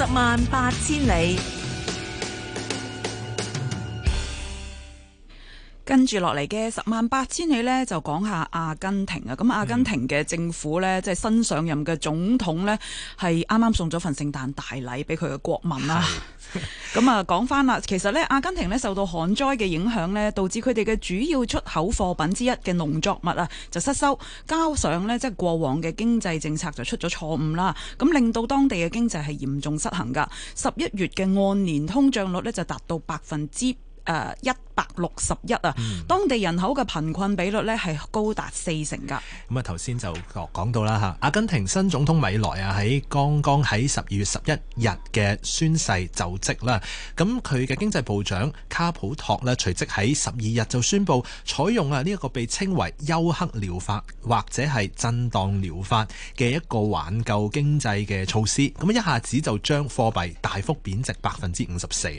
十萬八千里。跟住落嚟嘅十萬八千里呢，就講下阿根廷啊！咁阿根廷嘅政府呢，嗯、即係新上任嘅總統呢，係啱啱送咗份聖誕大禮俾佢嘅國民啦。咁啊是的，講翻啦，其實呢，阿根廷呢受到旱災嘅影響呢，導致佢哋嘅主要出口貨品之一嘅農作物啊，就失收。加上呢，即係過往嘅經濟政策就出咗錯誤啦，咁令到當地嘅經濟係嚴重失衡㗎。十一月嘅按年通脹率呢，就達到百分之誒一百六十一啊！嗯、當地人口嘅貧困比率呢係高達四成㗎。咁啊頭先就講到啦嚇，阿根廷新總統米萊啊，喺剛剛喺十二月十一日嘅宣誓就職啦。咁佢嘅經濟部長卡普托呢，隨即喺十二日就宣布採用啊呢一個被稱為休克療法或者係震盪療法嘅一個挽救經濟嘅措施。咁一下子就將貨幣大幅貶值百分之五十四。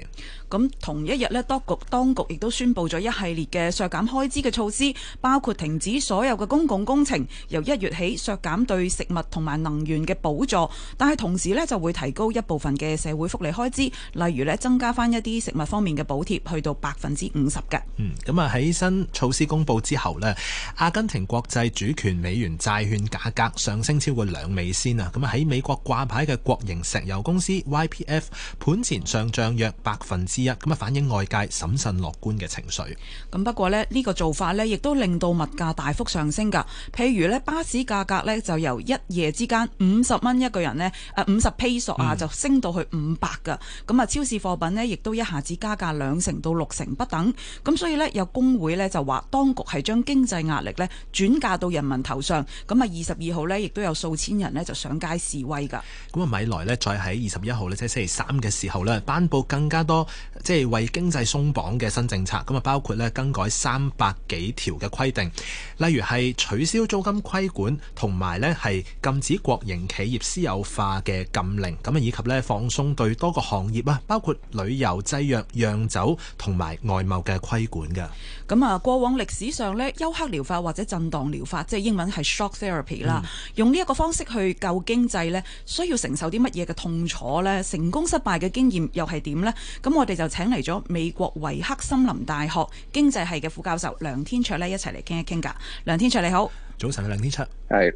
咁同一日呢，當局當局亦都宣布咗一系列嘅削減開支嘅措施，包括停止所有嘅公共工程，由一月起削減對食物同埋能源嘅補助，但係同時呢，就會提高一部分嘅社會福利開支，例如呢，增加返一啲食物方面嘅補貼，去到百分之五十嘅。嗯，咁啊喺新措施公布之後呢，阿根廷國際主權美元債券價格上升超過兩美仙啊！咁啊喺美國掛牌嘅國營石油公司 YPF 盤前上漲約百分之。咁啊，反映外界審慎樂觀嘅情緒。咁不過咧，呢、呢個做法呢，亦都令到物價大幅上升㗎。譬如咧，巴士價格呢，就由一夜之間五十蚊一個人呢，誒五十 peso 啊，就升到去五百㗎。咁啊、嗯，超市貨品呢，亦都一下子加價兩成到六成不等。咁所以呢，有工會呢，就話，當局係將經濟壓力呢轉嫁到人民頭上。咁啊，二十二號呢，亦都有數千人呢，就上街示威㗎。咁啊，米萊呢，再喺二十一號呢，即係星期三嘅時候呢，頒布更加多。即係為經濟鬆綁嘅新政策，咁啊包括咧更改三百幾條嘅規定，例如係取消租金規管，同埋咧係禁止國營企業私有化嘅禁令，咁啊以及咧放鬆對多個行業啊，包括旅遊、製藥、釀酒同埋外貿嘅規管嘅。咁啊，過往歷史上咧，休克療法或者震盪療法，即係英文係 Shock Therapy 啦，嗯，用呢一個方式去救經濟咧，需要承受啲乜嘢嘅痛楚咧？成功失敗嘅經驗又係點咧？咁我哋。又請嚟咗美國維克森林大學經濟系嘅副教授梁天卓呢，一齊嚟傾一傾㗎。梁天卓你好，早晨啊，梁天卓，係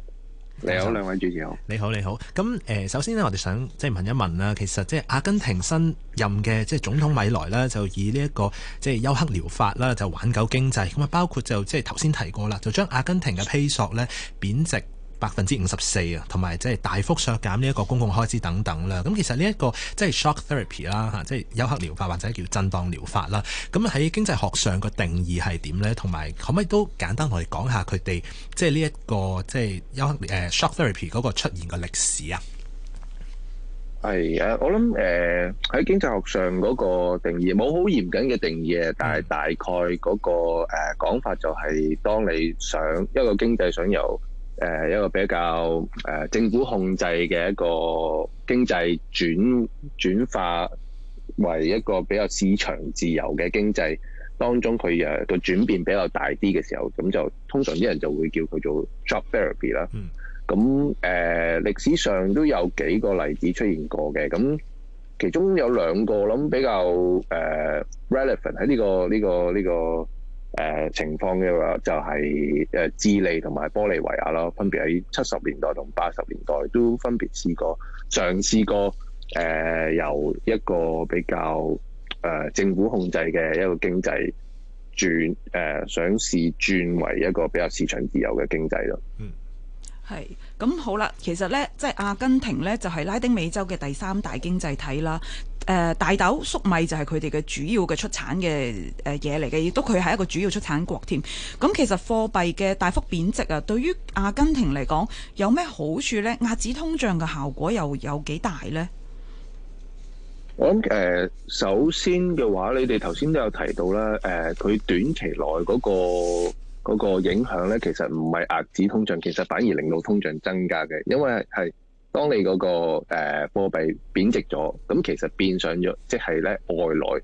你好，天你好，兩位主持人好，你好，你好。咁誒、呃，首先呢，我哋想即係問一問啦，其實即係阿根廷新任嘅即係總統米萊呢，就以呢、這、一個即係、就是、休克療法啦，就挽救經濟。咁啊，包括就即係頭先提過啦，就將阿根廷嘅披索呢，貶值。百分之五十四啊，同埋即係大幅削減呢一個公共開支等等啦。咁其實呢一個即係 shock therapy 啦，嚇即係休克療法或者叫震盪療法啦。咁喺經濟學上個定義係點呢？同埋可唔可以都簡單同你哋講下佢哋即係呢一個即係、就是、休誒、呃、shock therapy 嗰個出現個歷史啊？係啊，我諗誒喺經濟學上嗰個定義冇好嚴謹嘅定義啊，但係大概嗰、那個誒講、呃、法就係當你想一個經濟想由。誒、呃、一個比較誒、呃、政府控制嘅一個經濟轉轉化為一個比較市場自由嘅經濟當中佢，佢誒個轉變比較大啲嘅時候，咁就通常啲人就會叫佢做 job therapy 啦。咁誒、嗯呃、歷史上都有幾個例子出現過嘅，咁其中有兩個諗比較誒、呃、relevant 喺呢個呢個呢個。呢個呢個誒、呃、情況嘅、就、話、是，就係誒智利同埋玻利維亞咯，分別喺七十年代同八十年代都分別試過，嘗試過誒、呃、由一個比較誒、呃、政府控制嘅一個經濟轉誒、呃、想試轉為一個比較市場自由嘅經濟咯。嗯。係咁好啦，其實呢，即係阿根廷呢，就係、是、拉丁美洲嘅第三大經濟體啦。誒、呃，大豆、粟米就係佢哋嘅主要嘅出產嘅誒嘢嚟嘅，亦都佢係一個主要出產國添。咁其實貨幣嘅大幅貶值啊，對於阿根廷嚟講有咩好處呢？壓止通脹嘅效果又有幾大呢？我諗、呃、首先嘅話，你哋頭先都有提到啦，佢、呃、短期內嗰、那個。嗰個影響咧，其實唔係壓止通脹，其實反而令到通脹增加嘅，因為係當你嗰、嗰個誒、呃、貨幣貶值咗，咁其實變相咗，即係咧外來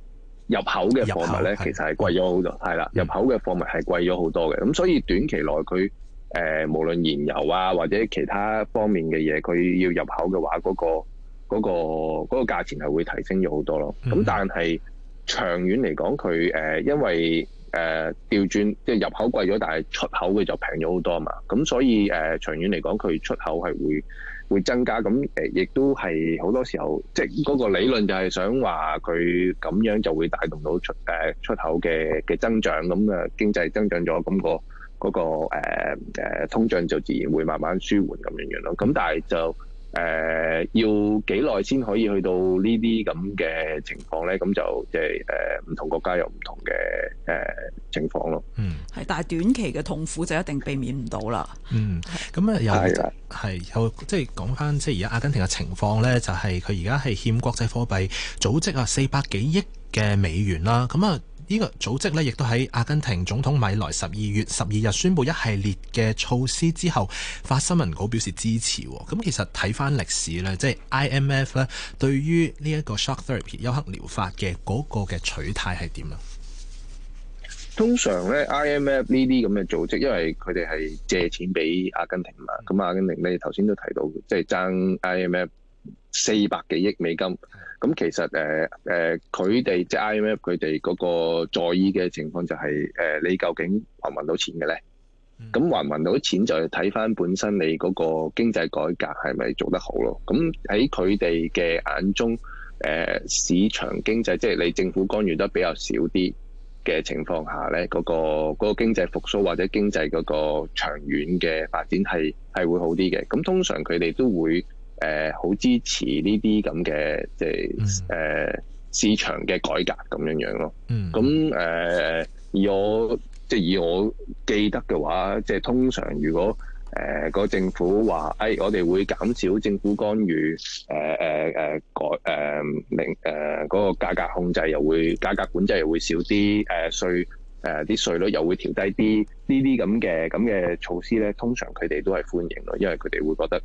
入口嘅貨物咧，口其實係貴咗好多，係啦、嗯，入口嘅貨物係貴咗好多嘅，咁、嗯、所以短期內佢誒、呃、無論燃油啊或者其他方面嘅嘢，佢要入口嘅話，嗰、嗰個嗰、嗰個嗰、嗰個價錢係會提升咗好多咯。咁但係長遠嚟講，佢、呃、因為誒、呃、調轉即係入口貴咗，但係出口嘅就平咗好多嘛。咁所以誒、呃、長遠嚟講，佢出口係會會增加。咁亦都係好多時候，即係嗰個理論就係想話佢咁樣就會帶動到出、呃、出口嘅嘅增長。咁嘅經濟增長咗，咁、嗰個嗰、嗰個誒、呃、通脹就自然會慢慢舒緩咁樣樣咯。咁但係就。誒、呃、要幾耐先可以去到呢啲咁嘅情況咧？咁就即係誒唔同國家有唔同嘅誒、呃、情況咯。嗯，係，但係短期嘅痛苦就一定避免唔到啦。嗯，咁啊有係有即係講翻即係而家阿根廷嘅情況咧，就係佢而家係欠國際貨幣組織啊四百幾億嘅美元啦。咁啊～呢個組織咧，亦都喺阿根廷總統米萊十二月十二日宣布一系列嘅措施之後，發新聞稿表示支持喎。咁其實睇返歷史咧，即係 IMF 咧，對於呢一個 Shock Therapy 休克療法嘅嗰個嘅取態係點啊？通常咧，IMF 呢啲咁嘅組織，因為佢哋係借錢俾阿根廷嘛，咁阿根廷你頭先都提到，即係爭 IMF。四百幾億美金，咁其實誒誒，佢、呃、哋即係 IMF 佢哋嗰個在意嘅情況就係、是、誒、呃，你究竟還唔還到錢嘅咧？咁還唔還到錢就係睇翻本身你嗰個經濟改革係咪做得好咯。咁喺佢哋嘅眼中，誒、呃，市場經濟即係你政府干預得比較少啲嘅情況下咧，嗰、嗰個嗰、嗰個經濟復甦或者經濟嗰個長遠嘅發展係係會好啲嘅。咁通常佢哋都會。誒好、呃、支持呢啲咁嘅即係誒市場嘅改革咁樣樣咯。咁誒、mm. 呃，以我即係以我記得嘅話，即係通常如果誒、呃嗰個政府話，誒、哎、我哋會減少政府干預，誒誒誒改誒令明誒嗰個價格控制又會價格管制又會少啲，誒稅誒啲稅率又會調低啲，呢啲咁嘅咁嘅措施咧，通常佢哋都係歡迎咯，因為佢哋會覺得。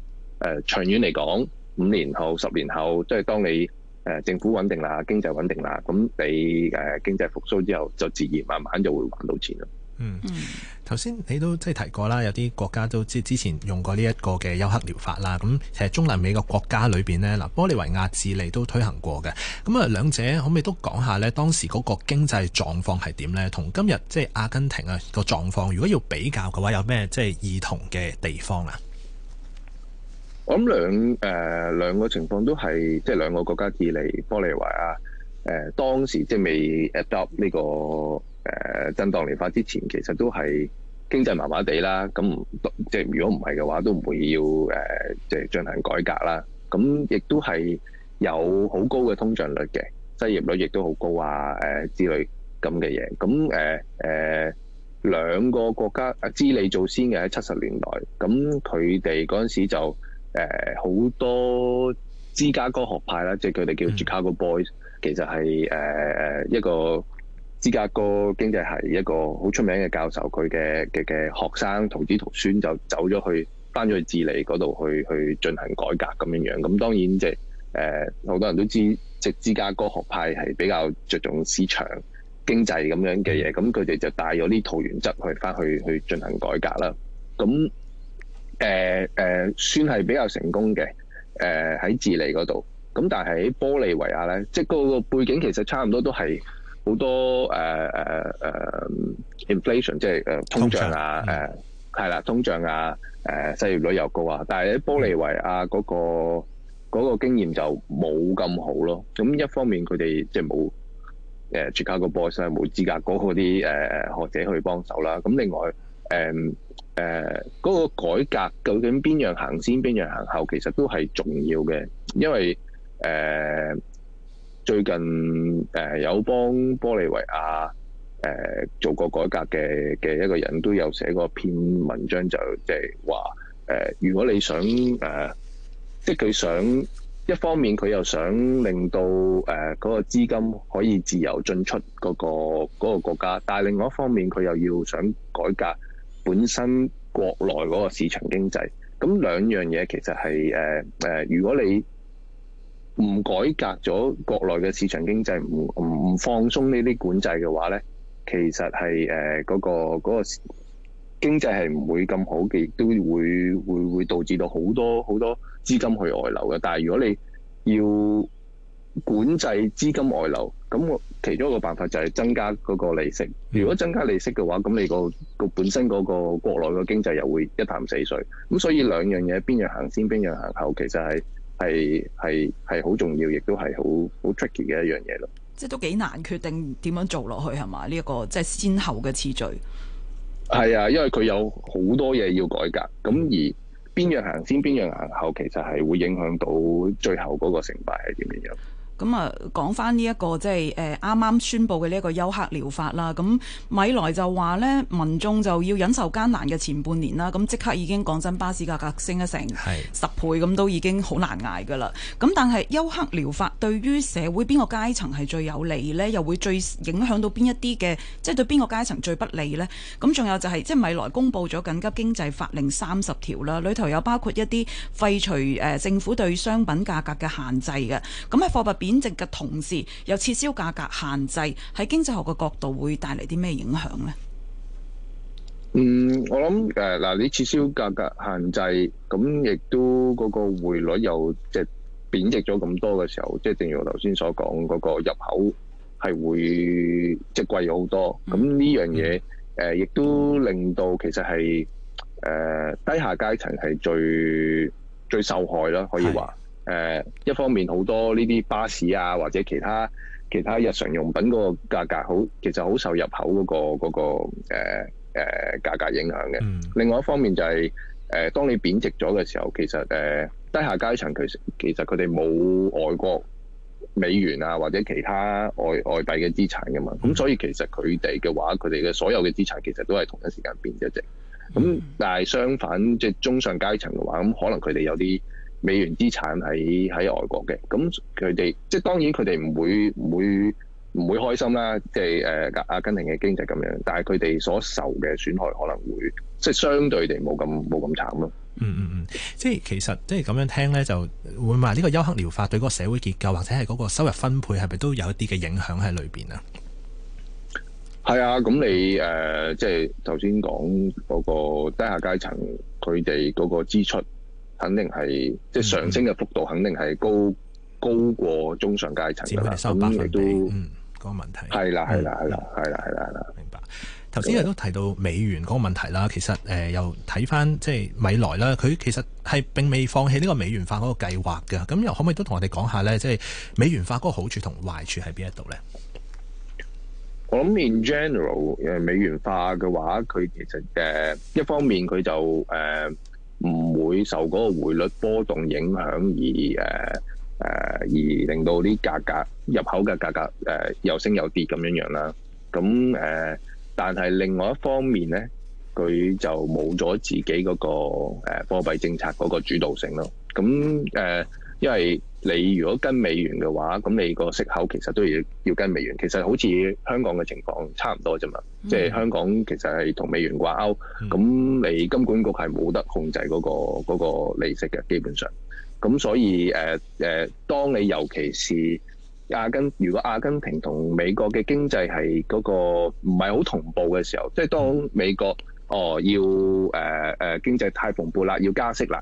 誒、呃，長遠嚟講，五年後、十年後，即係當你誒、呃、政府穩定啦、經濟穩定啦，咁你誒、呃、經濟復甦之後，就自然慢慢就會賺到錢咯。嗯，頭先、嗯、你都即係提過啦，有啲國家都即係之前用過呢一個嘅休克療法啦。咁其實中南美洲國家裏邊呢，嗱，玻利維亞、智利都推行過嘅。咁啊，兩者可唔可以都講下呢？當時嗰個經濟狀況係點呢？同今日即係阿根廷啊個狀況，如果要比較嘅話，有咩即係異同嘅地方啊？我諗兩兩,、呃、兩個個情況都係即係兩個國家智利，玻利維亞誒當時即係未 adopt 呢、這個誒新當年化之前，其實都係經濟麻麻地啦。咁即係如果唔係嘅話，都唔會要誒、呃、即係進行改革啦。咁亦都係有好高嘅通脹率嘅，失業率亦都好高啊。誒、呃、之類咁嘅嘢。咁誒誒兩個國家啊，智利做先嘅喺七十年代。咁佢哋嗰陣時就。誒好多芝加哥學派啦，即係佢哋叫芝加哥 boys，嗯、其實係誒一個芝加哥經濟系，一個好出名嘅教授，佢嘅嘅嘅學生徒子徒孫就走咗去，翻咗去智利嗰度去去進行改革咁樣樣。咁當然即係誒好多人都知，即係芝加哥學派係比較着重市場經濟咁樣嘅嘢，咁佢哋就帶咗呢套原則去翻去去進行改革啦。咁誒誒、呃呃、算係比較成功嘅，誒、呃、喺智利嗰度，咁但係喺玻利維亞咧，即係嗰個背景其實差唔多都係好多誒誒、呃、誒、呃、inflation，即係誒通脹啊，誒係啦，通脹啊，誒、呃、失業率又高啊，但係喺玻利維亞嗰、嗰個嗰、嗯、個經驗就冇咁好咯。咁一方面佢哋即係冇誒 Chicago Boys 冇資格攞嗰啲誒學者去幫手啦。咁另外誒、呃誒，嗰、呃那個改革究竟邊樣行先，邊樣行後，其實都係重要嘅，因為誒、呃、最近誒、呃、有幫玻利維亞誒做過改革嘅嘅一個人都有寫過篇文章，就即係話誒如果你想誒、呃，即係佢想一方面佢又想令到誒嗰、呃那個資金可以自由進出嗰、那個嗰、那個國家，但係另外一方面佢又要想改革。本身國內嗰個市場經濟，咁兩樣嘢其實係誒誒如果你唔改革咗國內嘅市場經濟，唔唔唔放鬆呢啲管制嘅話咧，其實係誒嗰個嗰個經濟係唔會咁好嘅，亦都會會會導致到好多好多資金去外流嘅。但係如果你要，管制資金外流，咁我其中一個辦法就係增加嗰個利息。如果增加利息嘅話，咁你個個本身嗰個國內嘅經濟又會一潭死水。咁所以兩樣嘢邊樣行先，邊樣行後，其實係係係係好重要，亦都係好好 tricky 嘅一樣嘢咯。即係都幾難決定點樣做落去係嘛？呢一個即係先後嘅次序。係啊，因為佢有好多嘢要改革，咁而邊樣行先，邊樣行後，其實係會影響到最後嗰個成敗係點樣樣。咁啊，講翻呢一個即係誒啱啱宣布嘅呢一個休克療法啦。咁米萊就話咧，民眾就要忍受艱難嘅前半年啦。咁即刻已經講真，巴士價格升咗成十倍，咁是都已經好難挨噶啦。咁但係休克療法對於社會邊個階層係最有利咧？又會最影響到邊一啲嘅，即、就、係、是、對邊個階層最不利咧？咁仲有就係、是、即係米萊公布咗緊急經濟法令三十條啦，裏頭有包括一啲廢除誒、呃、政府對商品價格嘅限制嘅。咁喺貨幣貶值嘅同時又撤銷價格限制，喺經濟學嘅角度會帶嚟啲咩影響咧？嗯，我諗誒，嗱，你撤銷價格限制，咁亦都嗰個匯率又即係貶值咗咁多嘅時候，即係正如我頭先所講，嗰個入口係會即貴好多。咁呢樣嘢誒，亦都令到其實係誒低下階層係最最受害啦，可以話。誒、呃、一方面好多呢啲巴士啊，或者其他其他日常用品嗰個價格好，其實好受入口嗰、那個嗰、那個誒誒、呃呃、價格影響嘅。嗯、另外一方面就係、是、誒、呃、當你貶值咗嘅時候，其實誒、呃、低下階層，其實其實佢哋冇外國美元啊或者其他外外幣嘅資產噶嘛，咁、嗯、所以其實佢哋嘅話，佢哋嘅所有嘅資產其實都係同一時間貶咗值。咁但係相反，即、就、係、是、中上階層嘅話，咁可能佢哋有啲。美元資產喺喺外國嘅，咁佢哋即係當然佢哋唔會唔會唔會開心啦，即係誒、呃、阿根廷嘅經濟咁樣，但係佢哋所受嘅損害可能會即係相對地冇咁冇咁慘咯、嗯。嗯嗯嗯，即係其實即係咁樣聽咧，就會唔係話呢個休克療法對嗰個社會結構或者係嗰個收入分配係咪都有一啲嘅影響喺裏邊啊？係啊，咁你誒即係頭先講嗰個低下階層佢哋嗰個支出。肯定係即係上升嘅幅度，肯定係高、嗯、高過中上階層收啦。咁亦都，嗯，嗰個問題係啦，係啦，係啦，係啦，係啦，明白。頭先亦都提到美元嗰個問題啦，其實誒、呃、又睇翻即係米萊啦，佢其實係並未放棄呢個美元化嗰個計劃嘅。咁又可唔可以都同我哋講下咧？即係美元化嗰個好處同壞處喺邊一度咧？我諗 in general，美元化嘅話，佢其實誒、呃、一方面佢就誒。呃唔會受嗰個匯率波動影響，而誒誒，而令到啲價格入口嘅價格誒又升又跌咁樣樣啦。咁誒，但係另外一方面咧，佢就冇咗自己嗰個誒貨幣政策嗰個主導性咯。咁誒，因為你如果跟美元嘅話，咁你個息口其實都要要跟美元。其實好似香港嘅情況差唔多啫嘛，即係、mm. 香港其實係同美元掛鈎，咁、mm. 你金管局係冇得控制嗰、那個嗰、那個利息嘅，基本上。咁所以誒誒、呃呃、當你尤其是阿根，如果阿根廷同美國嘅經濟係嗰個唔係好同步嘅時候，即、就、係、是、當美國哦、呃、要誒誒、呃、經濟太蓬勃啦，要加息啦。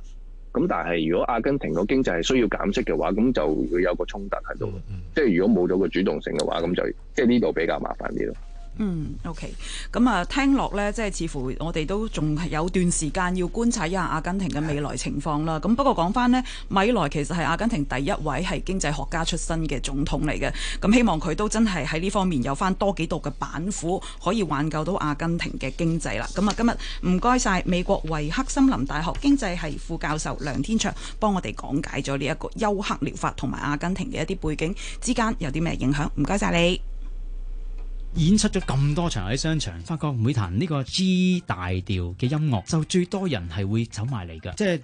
咁但係如果阿根廷個經濟係需要減息嘅話，咁就會有個衝突喺度。Mm-hmm. 即係如果冇咗個主動性嘅話，咁就即係呢度比較麻煩啲咯。嗯，OK。咁啊，聽落咧，即係似乎我哋都仲有段時間要觀察一下阿根廷嘅未來情況啦。咁不過講翻呢，米萊其實係阿根廷第一位係經濟學家出身嘅總統嚟嘅。咁希望佢都真係喺呢方面有翻多幾度嘅板斧，可以挽救到阿根廷嘅經濟啦。咁啊，今日唔該晒美國維克森林大學經濟系副教授梁天卓幫我哋講解咗呢一個休克療法同埋阿根廷嘅一啲背景之間有啲咩影響。唔該晒你。演出咗咁多場喺商場，發覺每彈呢個 G 大調嘅音樂就最多人係會走埋嚟噶，即係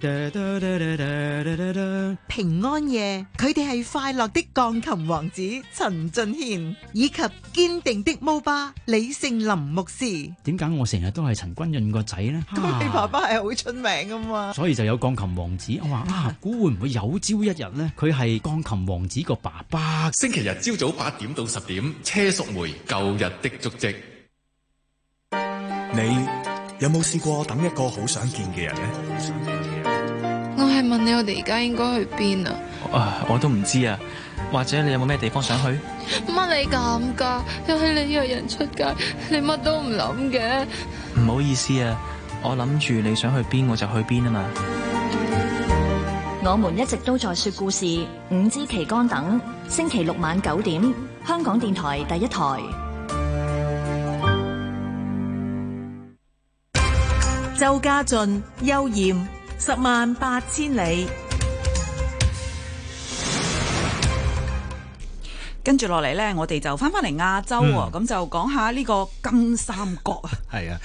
平安夜，佢哋係快樂的鋼琴王子陳俊憲以及堅定的摩巴李聖林牧師。點解我成日都係陳君潤個仔呢？佢、啊、爸爸係好出名啊嘛，所以就有鋼琴王子。我話啊，估會唔會有朝一日呢？佢係鋼琴王子個爸爸。星期日朝早八點到十點，車淑梅舊日的足跡，你有冇試過等一個好想見嘅人呢？我係問你我現在，我哋而家應該去邊啊？啊，我都唔知啊。或者你有冇咩地方想去？乜你咁噶？又係你約人出街，你乜都唔諗嘅。唔好意思啊，我諗住你想去邊，我就去邊啊嘛。我們一直都在說故事，五枝旗杆等星期六晚九點，香港電台第一台。周家俊、邱艷，十萬八千里。跟住落嚟呢，我哋就翻返嚟亞洲，咁就講下呢個金三角啊。係啊，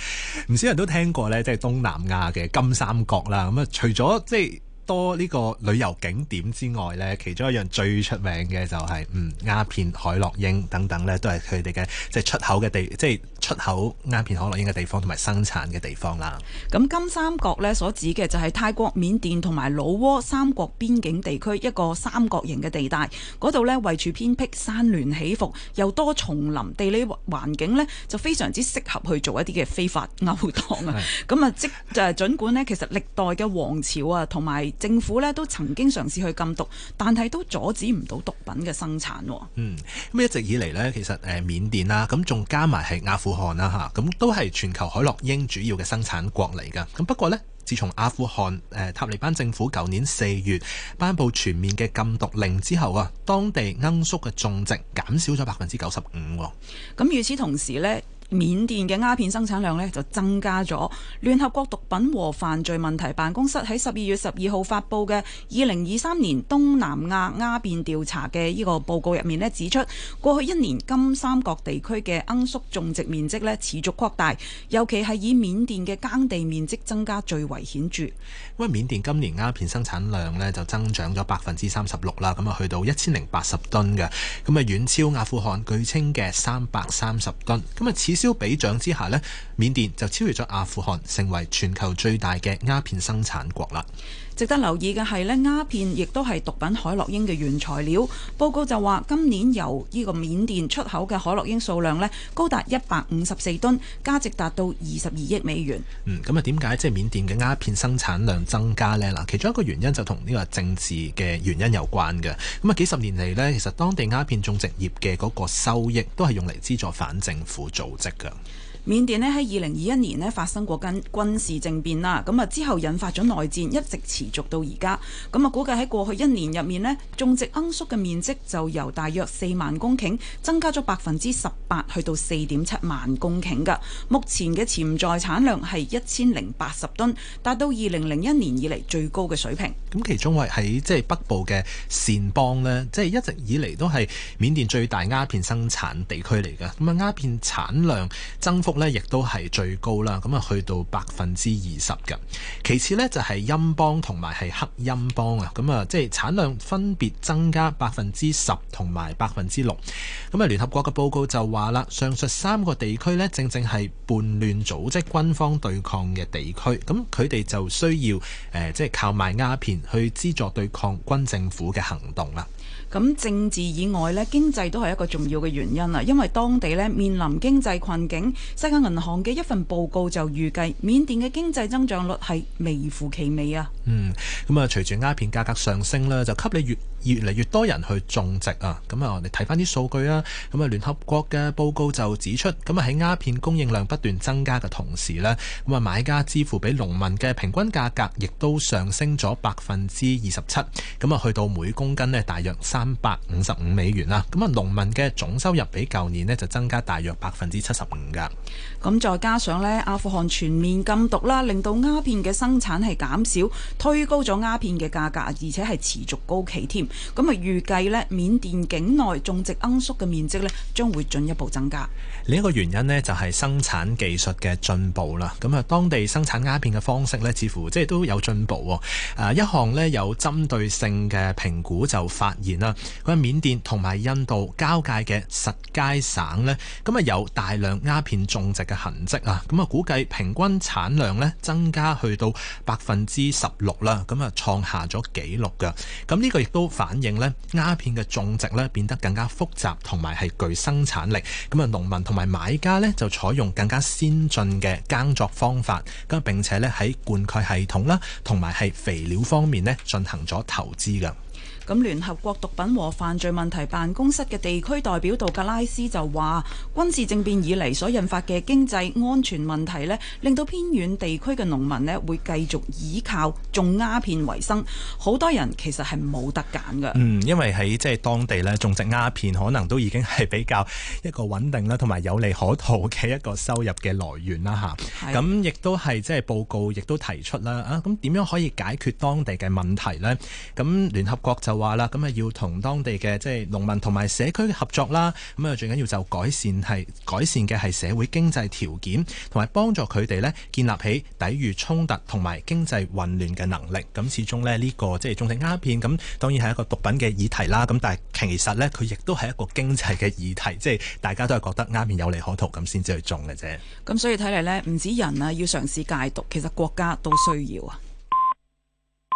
唔少人都聽過呢，即係東南亞嘅金三角啦。咁啊，除咗即係。就是多呢個旅遊景點之外呢，其中一樣最出名嘅就係、是、嗯鴉片、海洛英等等呢都係佢哋嘅即出口嘅地，即、就、係、是、出口鴉片、海洛英嘅地方同埋生產嘅地方啦。咁金三角呢，所指嘅就係泰國、緬甸同埋老撾三國邊境地區一個三角形嘅地帶，嗰度呢，位處偏僻、山巒起伏又多叢林，地理環境呢，就非常之適合去做一啲嘅非法勾當啊。咁啊是即就儘管呢，其實歷代嘅王朝啊同埋政府咧都曾經嘗試去禁毒，但係都阻止唔到毒品嘅生產。嗯，咁一直以嚟呢，其實誒緬甸啦，咁仲加埋係阿富汗啦，嚇，咁都係全球海洛英主要嘅生產國嚟噶。咁不過呢，自從阿富汗誒塔利班政府舊年四月頒布全面嘅禁毒令之後啊，當地罌粟嘅種植減少咗百分之九十五。咁與此同時呢。緬甸嘅鴉片生產量呢，就增加咗。聯合國毒品和犯罪問題辦公室喺十二月十二號發布嘅二零二三年東南亞鴉片調查嘅呢個報告入面呢，指出，過去一年金三角地區嘅罌粟種植面積呢，持續擴大，尤其係以緬甸嘅耕地面積增加最為顯著。因為，緬甸今年鴉片生產量呢，就增長咗百分之三十六啦，咁啊去到一千零八十噸嘅，咁啊遠超阿富汗據稱嘅三百三十噸，咁啊此。此消彼長之下呢，緬甸就超越咗阿富汗，成為全球最大嘅鴉片生產國啦。值得留意嘅係咧，鴉片亦都係毒品海洛因嘅原材料。報告就話，今年由呢個緬甸出口嘅海洛因數量呢，高達一百五十四噸，價值達到二十二億美元。嗯，咁啊，點解即係緬甸嘅鴉片生產量增加呢？嗱，其中一個原因就同呢個政治嘅原因有關嘅。咁、嗯、啊，幾十年嚟呢，其實當地鴉片種植業嘅嗰個收益都係用嚟資助反政府組織嘅。緬甸咧喺二零二一年咧發生過緊軍事政變啦，咁啊之後引發咗內戰，一直持續到而家。咁啊，估計喺過去一年入面咧，種植罌粟嘅面積就由大約四萬公頃增加咗百分之十八，去到四點七萬公頃噶。目前嘅潛在產量係一千零八十噸，達到二零零一年以嚟最高嘅水平。咁其中位喺即係北部嘅善邦咧，即係一直以嚟都係緬甸最大鴉片生產地區嚟噶。咁啊，鴉片產量增幅咧，亦都係最高啦，咁啊，去到百分之二十嘅。其次呢，就係陰邦同埋係黑陰邦啊，咁啊，即係產量分別增加百分之十同埋百分之六。咁啊，聯合國嘅報告就話啦，上述三個地區呢，正正係叛亂組織，即係軍方對抗嘅地區，咁佢哋就需要誒，即係靠賣鴉片去資助對抗軍政府嘅行動啦。咁政治以外呢，經濟都係一個重要嘅原因啦。因為當地呢，面臨經濟困境，世界銀行嘅一份報告就預計緬甸嘅經濟增長率係微乎其微啊。嗯，咁啊，隨住鴉片價格上升呢，就給你越越嚟越多人去種植啊！咁啊，我哋睇翻啲數據啦。咁啊，聯合國嘅報告就指出，咁啊喺鴉片供應量不斷增加嘅同時呢，咁啊買家支付俾農民嘅平均價格，亦都上升咗百分之二十七。咁啊，去到每公斤呢，大約三百五十五美元啦。咁啊，農民嘅總收入比舊年呢，就增加大約百分之七十五㗎。咁再加上呢，阿富汗全面禁毒啦，令到鴉片嘅生產係減少，推高咗鴉片嘅價格，而且係持續高企添。咁啊預計咧，緬甸境內種植罌粟嘅面積咧，將會進一步增加。另一個原因呢，就係生產技術嘅進步啦。咁啊，當地生產鴉片嘅方式咧，似乎即係都有進步喎。一項呢，有針對性嘅評估就發現啦，佢喺緬甸同埋印度交界嘅實皆省呢，咁啊有大量鴉片種植嘅痕跡啊。咁啊，估計平均產量呢，增加去到百分之十六啦，咁啊創下咗紀錄㗎。咁呢個亦都。反映咧，鴉片嘅種植咧，變得更加複雜同埋係具生產力，咁啊農民同埋買家咧就採用更加先進嘅耕作方法，咁啊並且咧喺灌溉系統啦同埋係肥料方面咧進行咗投資㗎。咁聯合國毒品和犯罪問題辦公室嘅地區代表道格拉斯就話軍事政變以嚟所引發嘅經濟安全問題咧，令到偏遠地區嘅農民咧會繼續倚靠種鴉片為生，好多人其實係冇得揀嘅。嗯，因為喺即係當地咧種植鴉片，可能都已經係比較一個穩定啦，同埋有利可圖嘅一個收入嘅來源啦嚇。咁亦的都係即係報告亦都提出啦。啊，咁點樣可以解決當地嘅問題咧？咁聯合國就話啦，咁啊要同當地嘅即係農民同埋社區嘅合作啦，咁啊最緊要就改善係改善嘅係社會經濟條件，同埋幫助佢哋呢，建立起抵禦衝突同埋經濟混亂嘅能力。咁始終咧呢個即係種植鴉片，咁當然係一個毒品嘅議題啦。咁但係其實呢，佢亦都係一個經濟嘅議題，即係大家都係覺得鴉片有利可圖才，咁先至去種嘅啫。咁所以睇嚟呢，唔止人啊要嘗試戒毒，其實國家都需要啊。